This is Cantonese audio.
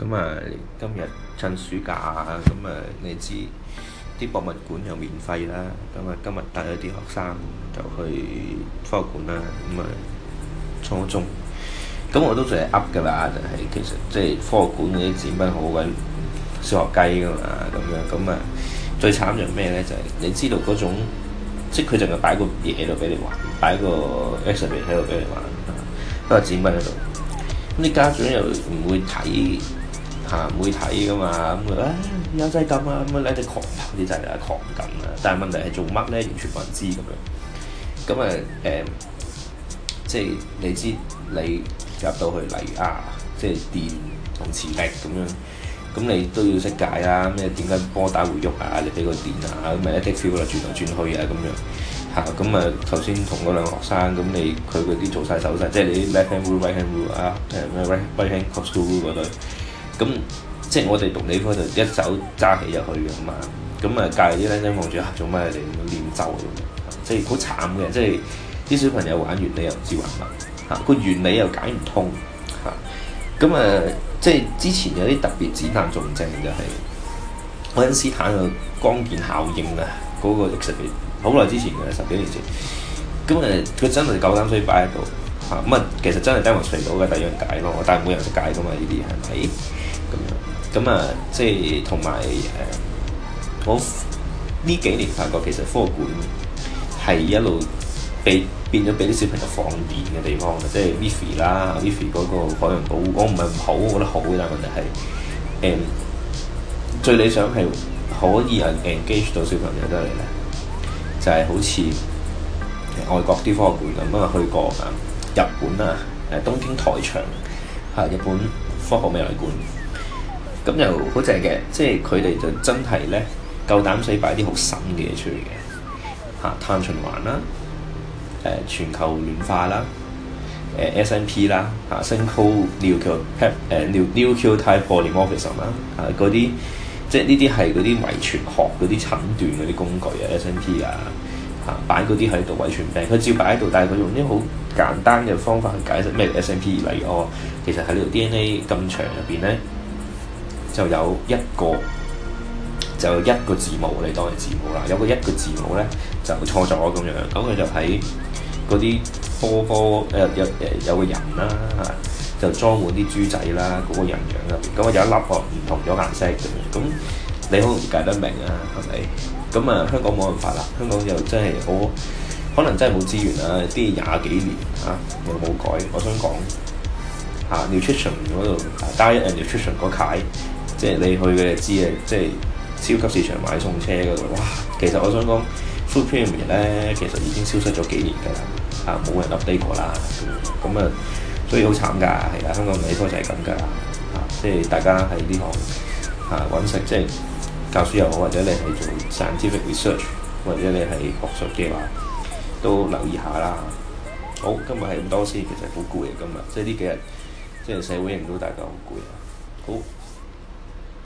咁啊，今日趁暑假啊，咁啊，你知啲博物館又免費啦，咁啊，今日帶咗啲學生就去科學館啦，咁啊，初中，咁我都淨係噏噶啦，就係、是、其實即係、就是、科學館嗰啲展品好鬼，小學雞噶嘛，咁樣，咁啊，最慘就咩咧？就係、是、你知道嗰種，即係佢淨係擺個嘢度俾你玩，擺個 exhibit 喺度俾你玩，不過展品喺度，咁啲家長又唔會睇。唔會睇噶嘛。咁啊，有勢，咁啊咁啊，你隻狂頭啲仔啊，狂緊啊！但係問題係做乜咧？完全冇人知，咁樣咁啊，誒，即係你知你入到去例如啊，即係電同磁力咁樣咁，你都要識解啊咩？點解波打會喐啊？你俾個電啊咁咪一 tick 轉嚟轉去啊咁樣嚇咁啊！頭先同嗰兩個學生咁，你佢嗰啲做晒手勢，即係你啲 left hand 啊咩 right hand cross rule 咁即係我哋讀理科就一走揸起入去嘅嘛。咁、嗯、啊，教啲咧咧望住做乜嘢嚟？唸咒咁即係好慘嘅。即係啲小朋友玩原理又唔知玩乜嚇，個、嗯、原理又解唔通嚇。咁、嗯、啊、嗯，即係之前有啲特別展覽仲正就係愛因斯坦嘅光電效應啊，嗰、那個其實好耐之前嘅十幾年前。咁、嗯、啊，佢、嗯、真係夠膽水擺喺度嚇。咁、嗯、啊、嗯，其實真係單純到嘅，但係有人解咯，但係冇人解噶嘛。呢啲係咪？咁啊，即係同埋誒，我呢幾年發覺其實科學館係一路被變咗俾啲小朋友放電嘅地方嘅，即係 Vivi 啦，Vivi 嗰個海洋保護，我唔係唔好，我覺得好，嘅啦。問題係誒，最理想係可以啊 engage 到小朋友得嚟咧，就係、是、好似外國啲科學館咁啊，去過啊，日本啊，誒，東京台場嚇、啊、日本科學未來館。咁、嗯、又好正嘅，即係佢哋就真係咧夠膽死，擺啲好深嘅嘢出嚟嘅嚇碳循環啦，誒、啊、全球暖化啦，誒、啊、S N P 啦 s n 嚇 single nucleo p 誒、啊、nucleotide polymorphism 啦嚇嗰啲，即係呢啲係嗰啲遺傳學嗰啲診斷嗰啲工具 s 啊 S N P 啊嚇擺嗰啲喺度遺傳病，佢照擺喺度，但係佢用啲好簡單嘅方法去解釋咩叫 S N P，例如我、哦、其實喺呢度 D N A 咁長入邊咧。就有一個，就一個字母你當係字母啦。有個一個字母咧就錯咗咁樣，咁佢就喺嗰啲科科，誒有誒有個人啦、啊啊，就裝滿啲豬仔啦，嗰、那個人樣入邊。咁啊，啊有一粒啊唔同咗顏色嘅，咁你好容易計得明啊，係咪？咁啊香港冇辦法啦，香港又真係好。可能真係冇資源啊，啲廿幾年啊我冇改。我想講啊 nutrition 嗰度加一啊 nutrition 嗰階。即係你去嘅知啊！即係超級市場買餸車嗰度，哇！其實我想講 food pyramid 咧，其實已經消失咗幾年㗎啦，嚇、啊、冇人 update 過啦。咁咁啊，所以好慘㗎，係啦，香港理科就係咁㗎啦，即係大家喺呢行嚇揾、啊、食，即係教書又好，或者你係做 scientific research，或者你係學術嘅話，都留意下啦。好，今日係咁多先，其實好攰啊！今日即係呢幾日，即係社會型都大家好攰啊！好。